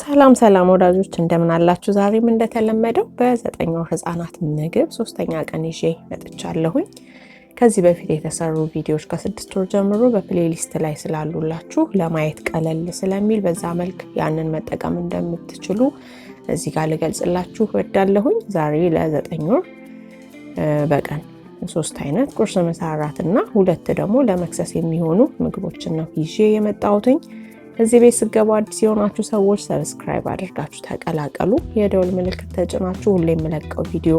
ሰላም ሰላም ወዳጆች እንደምን አላችሁ? ዛሬም እንደተለመደው በዘጠኝ ወር ህጻናት ምግብ ሶስተኛ ቀን ይዤ መጥቻለሁኝ። ከዚህ በፊት የተሰሩ ቪዲዮዎች ከስድስት ወር ጀምሮ በፕሌሊስት ላይ ስላሉላችሁ ለማየት ቀለል ስለሚል በዛ መልክ ያንን መጠቀም እንደምትችሉ እዚህ ጋር ልገልጽላችሁ ወዳለሁኝ። ዛሬ ለዘጠኝ ወር በቀን ሶስት አይነት ቁርስ፣ ምሳ፣ እራት እና ሁለት ደግሞ ለመክሰስ የሚሆኑ ምግቦችን ነው ይዤ የመጣሁትኝ። እዚህ ቤት ስገቡ አዲስ የሆናችሁ ሰዎች ሰብስክራይብ አድርጋችሁ ተቀላቀሉ። የደውል ምልክት ተጭናችሁ ሁሌ የምለቀው ቪዲዮ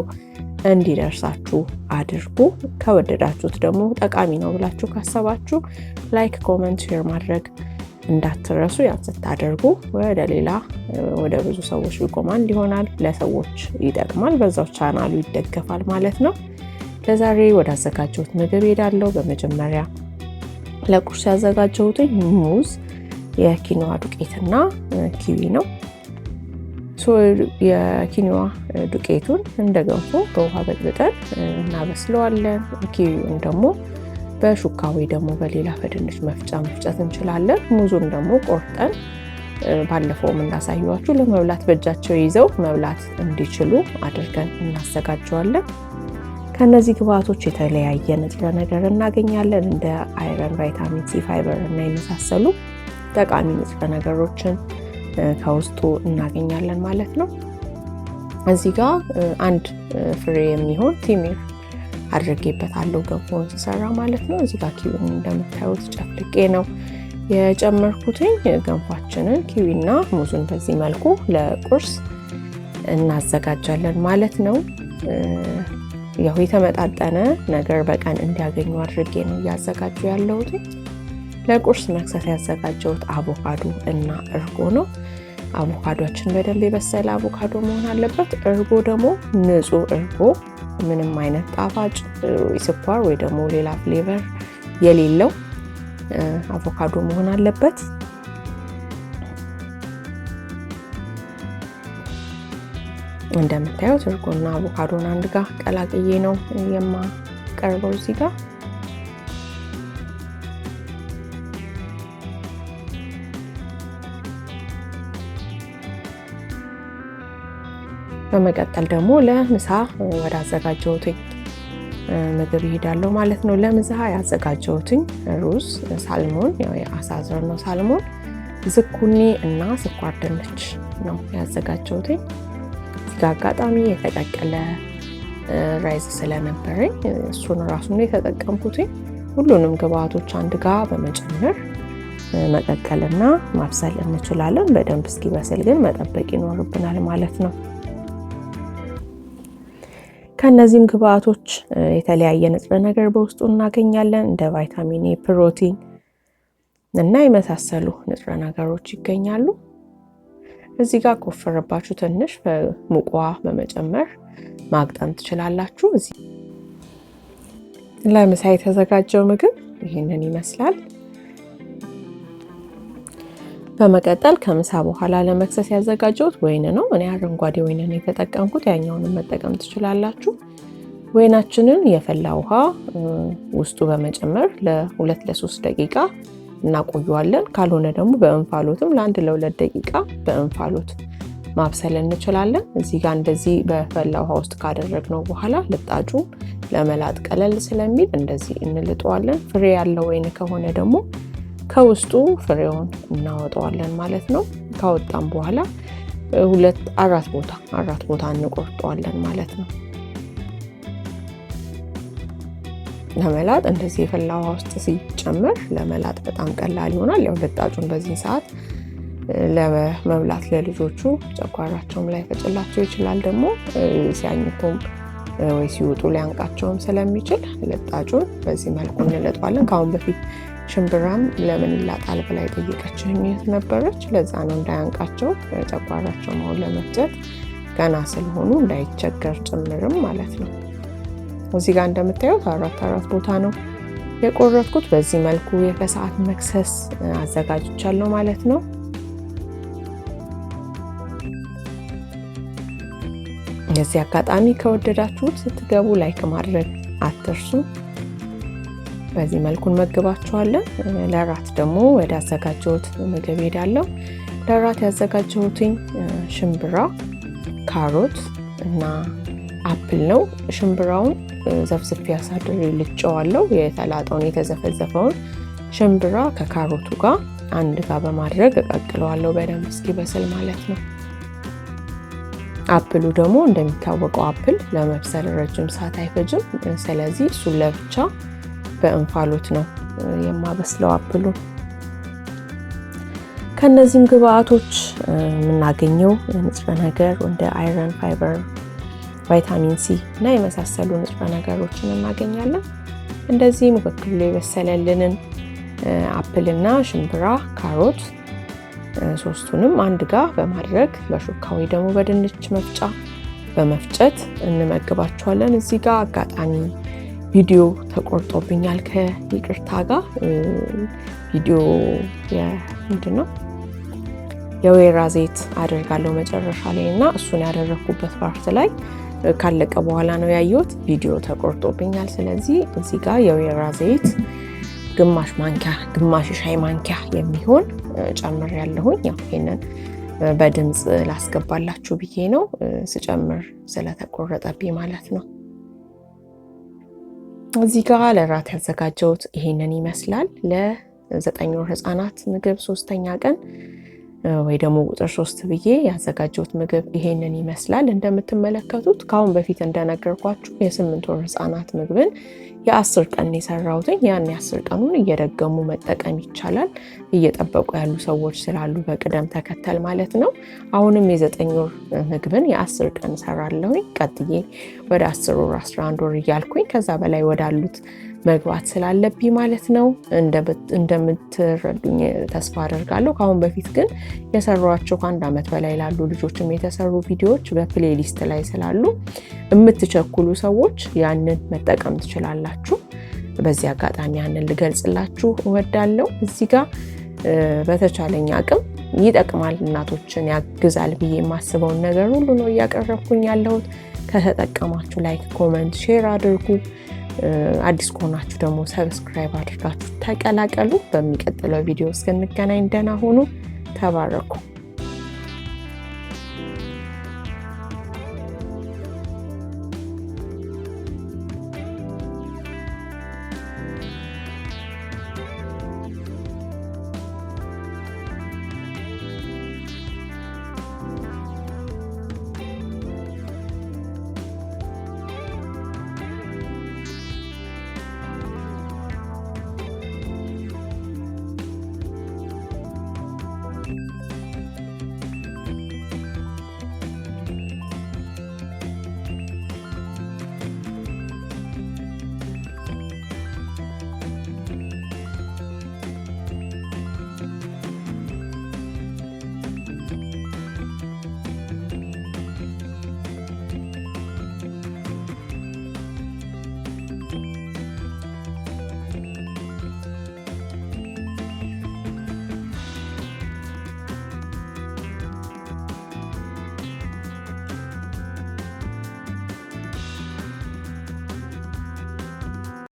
እንዲደርሳችሁ አድርጉ። ከወደዳችሁት ደግሞ ጠቃሚ ነው ብላችሁ ካሰባችሁ ላይክ፣ ኮመንት፣ ሼር ማድረግ እንዳትረሱ። ያን ስታደርጉ ወደ ሌላ ወደ ብዙ ሰዎች ሪኮማንድ ይሆናል፣ ለሰዎች ይጠቅማል፣ በዛው ቻናሉ ይደገፋል ማለት ነው። ለዛሬ ወዳዘጋጀሁት ምግብ ሄዳለሁ። በመጀመሪያ ለቁርስ ያዘጋጀሁትኝ ሙዝ የኪኖዋ ዱቄትና ኪዊ ነው። የኪኒዋ ዱቄቱን እንደ ገንፎ በውሃ በጥብጠን እናበስለዋለን። ኪዊውን ደግሞ በሹካ ወይ ደግሞ በሌላ ፈድንች መፍጫ መፍጨት እንችላለን። ሙዙን ደግሞ ቆርጠን ባለፈውም እንዳሳየኋችሁ ለመብላት በእጃቸው ይዘው መብላት እንዲችሉ አድርገን እናዘጋጀዋለን። ከእነዚህ ግብአቶች የተለያየ ንጥረ ነገር እናገኛለን እንደ አይረን፣ ቫይታሚን ሲ፣ ፋይበር እና የመሳሰሉ ጠቃሚ ንጥረ ነገሮችን ከውስጡ እናገኛለን ማለት ነው። እዚህ ጋር አንድ ፍሬ የሚሆን ቲሚር አድርጌበታለሁ ገንፎን ስሰራ ማለት ነው። እዚህ ጋር ኪዊን እንደምታዩት ጨፍልቄ ነው የጨመርኩትኝ። ገንፏችንን ኪዊና ሙዙን በዚህ መልኩ ለቁርስ እናዘጋጃለን ማለት ነው። ያው የተመጣጠነ ነገር በቀን እንዲያገኙ አድርጌ ነው እያዘጋጁ ያለሁትኝ። ለቁርስ መክሰስ ያዘጋጀሁት አቮካዶ እና እርጎ ነው። አቮካዶችን በደንብ የበሰለ አቮካዶ መሆን አለበት። እርጎ ደግሞ ንጹህ እርጎ፣ ምንም አይነት ጣፋጭ ስኳር ወይ ደግሞ ሌላ ፍሌቨር የሌለው አቮካዶ መሆን አለበት። እንደምታዩት እርጎና አቮካዶን አንድ ጋር ቀላቅዬ ነው የማቀርበው እዚህ ጋር በመቀጠል ደግሞ ለምሳ ወደ አዘጋጀሁትኝ ምግብ ይሄዳለሁ ማለት ነው። ለምሳ ያዘጋጀሁትኝ ሩዝ፣ ሳልሞን የአሳ ነው ሳልሞን፣ ዝኩኒ እና ስኳር ድንች ነው ያዘጋጀሁትኝ። እዚጋ አጋጣሚ የተቀቀለ ራይዝ ስለነበረኝ እሱን ራሱ ነው የተጠቀምኩትኝ። ሁሉንም ግብአቶች አንድ ጋ በመጨመር መቀቀልና ማብሰል እንችላለን። በደንብ እስኪበስል ግን መጠበቅ ይኖርብናል ማለት ነው። ከእነዚህም ግብአቶች የተለያየ ንጥረ ነገር በውስጡ እናገኛለን። እንደ ቫይታሚን ኤ፣ ፕሮቲን እና የመሳሰሉ ንጥረ ነገሮች ይገኛሉ። እዚህ ጋር ከወፈረባችሁ ትንሽ በሙቋ በመጨመር ማቅጠን ትችላላችሁ። ለምሳ የተዘጋጀው ምግብ ይህንን ይመስላል። በመቀጠል ከምሳ በኋላ ለመክሰስ ያዘጋጀሁት ወይን ነው። እኔ አረንጓዴ ወይንን የተጠቀምኩት፣ ያኛውንም መጠቀም ትችላላችሁ። ወይናችንን የፈላ ውሃ ውስጡ በመጨመር ለሁለት ለሶስት ደቂቃ እናቆየዋለን። ካልሆነ ደግሞ በእንፋሎትም ለአንድ ለሁለት ደቂቃ በእንፋሎት ማብሰል እንችላለን። እዚህ ጋር እንደዚህ በፈላ ውሃ ውስጥ ካደረግነው በኋላ ልጣጩ ለመላጥ ቀለል ስለሚል እንደዚህ እንልጠዋለን። ፍሬ ያለው ወይን ከሆነ ደግሞ ከውስጡ ፍሬውን እናወጣዋለን ማለት ነው። ካወጣም በኋላ ሁለት አራት ቦታ አራት ቦታ እንቆርጠዋለን ማለት ነው። ለመላጥ እንደዚህ የፈላ ውሃ ውስጥ ሲጨመር ለመላጥ በጣም ቀላል ይሆናል። ያው ልጣጩን በዚህ ሰዓት ለመብላት ለልጆቹ ጨጓራቸውም ላይ ፈጭላቸው ይችላል። ደግሞ ሲያኝኩም ወይ ሲወጡ ሊያንቃቸውም ስለሚችል ልጣጩን በዚህ መልኩ እንለጠዋለን። ከአሁን በፊት ሽምብራም ለምን ይላጣል ብላ የጠየቀችኝ እህት ነበረች። ለዛ ነው እንዳያንቃቸው ጨጓራቸው መሆን ለመፍጨት ገና ስለሆኑ እንዳይቸገር ጭምርም ማለት ነው። እዚህ ጋር እንደምታዩት አራት አራት ቦታ ነው የቆረጥኩት። በዚህ መልኩ የከሰዓት መክሰስ አዘጋጅቻለሁ ማለት ነው። የዚህ አጋጣሚ ከወደዳችሁት ስትገቡ ላይክ ማድረግ አትርሱ። በዚህ መልኩ እንመግባቸዋለን። ለራት ደግሞ ወደ ያዘጋጀሁት ምግብ ሄዳለሁ። ለራት ያዘጋጀሁትኝ ሽምብራ፣ ካሮት እና አፕል ነው። ሽምብራውን ዘፍዝፌ ያሳድር ልጨዋለሁ። የተላጠውን የተዘፈዘፈውን ሽምብራ ከካሮቱ ጋር አንድ ጋር በማድረግ እቀቅለዋለሁ በደንብ እስኪበስል ማለት ነው። አፕሉ ደግሞ እንደሚታወቀው አፕል ለመብሰል ረጅም ሰዓት አይፈጅም። ስለዚህ እሱን ለብቻ በእንፋሎት ነው የማበስለው አፕሉ። ከእነዚህም ግብአቶች የምናገኘው ንጥረ ነገር እንደ አይረን፣ ፋይበር፣ ቫይታሚን ሲ እና የመሳሰሉ ንጥረ ነገሮችን እናገኛለን። እንደዚህ መካከሉ የበሰለልንን አፕልና ሽምብራ፣ ካሮት ሶስቱንም አንድ ጋር በማድረግ በሹካ ወይ ደግሞ በድንች መፍጫ በመፍጨት እንመግባቸዋለን። እዚህ ጋር አጋጣሚ ቪዲዮ ተቆርጦብኛል ከይቅርታ ጋር ቪዲዮ ምንድን ነው የወይራ ዘይት አደርጋለሁ መጨረሻ ላይ እና እሱን ያደረግኩበት ፓርት ላይ ካለቀ በኋላ ነው ያየሁት። ቪዲዮ ተቆርጦብኛል። ስለዚህ እዚህ ጋር የወይራ ዘይት ግማሽ ማንኪያ ግማሽ ሻይ ማንኪያ የሚሆን ጨምር ያለሁኝ። ያው ይሄንን በድምፅ ላስገባላችሁ ብዬ ነው ስጨምር ስለተቆረጠብኝ ማለት ነው። እዚህ ጋር ለራት ያዘጋጀሁት ይሄንን ይመስላል። ለዘጠኝ ወር ህፃናት ምግብ ሶስተኛ ቀን ወይ ደግሞ ቁጥር ሶስት ብዬ ያዘጋጀሁት ምግብ ይሄንን ይመስላል። እንደምትመለከቱት ከአሁን በፊት እንደነገርኳችሁ የስምንት ወር ህፃናት ምግብን የአስር ቀን የሰራሁትን ያን የአስር ቀኑን እየደገሙ መጠቀም ይቻላል። እየጠበቁ ያሉ ሰዎች ስላሉ በቅደም ተከተል ማለት ነው። አሁንም የዘጠኝ ወር ምግብን የአስር ቀን ሰራለሁኝ። ቀጥዬ ወደ አስር ወር አስራ አንድ ወር እያልኩኝ ከዛ በላይ ወዳሉት መግባት ስላለብኝ ማለት ነው። እንደምትረዱኝ ተስፋ አደርጋለሁ። ከአሁን በፊት ግን የሰሯቸው ከአንድ ዓመት በላይ ላሉ ልጆችም የተሰሩ ቪዲዮዎች በፕሌሊስት ላይ ስላሉ የምትቸኩሉ ሰዎች ያንን መጠቀም ትችላላችሁ። በዚህ አጋጣሚ ያንን ልገልጽላችሁ እወዳለሁ። እዚህ ጋር በተቻለኝ አቅም ይጠቅማል፣ እናቶችን ያግዛል ብዬ የማስበውን ነገር ሁሉ ነው እያቀረብኩኝ ያለሁት። ከተጠቀማችሁ ላይክ፣ ኮመንት፣ ሼር አድርጉ። አዲስ ከሆናችሁ ደግሞ ሰብስክራይብ አድርጋችሁ ተቀላቀሉ። በሚቀጥለው ቪዲዮ እስክንገናኝ ደህና ሆኑ። ተባረኩ።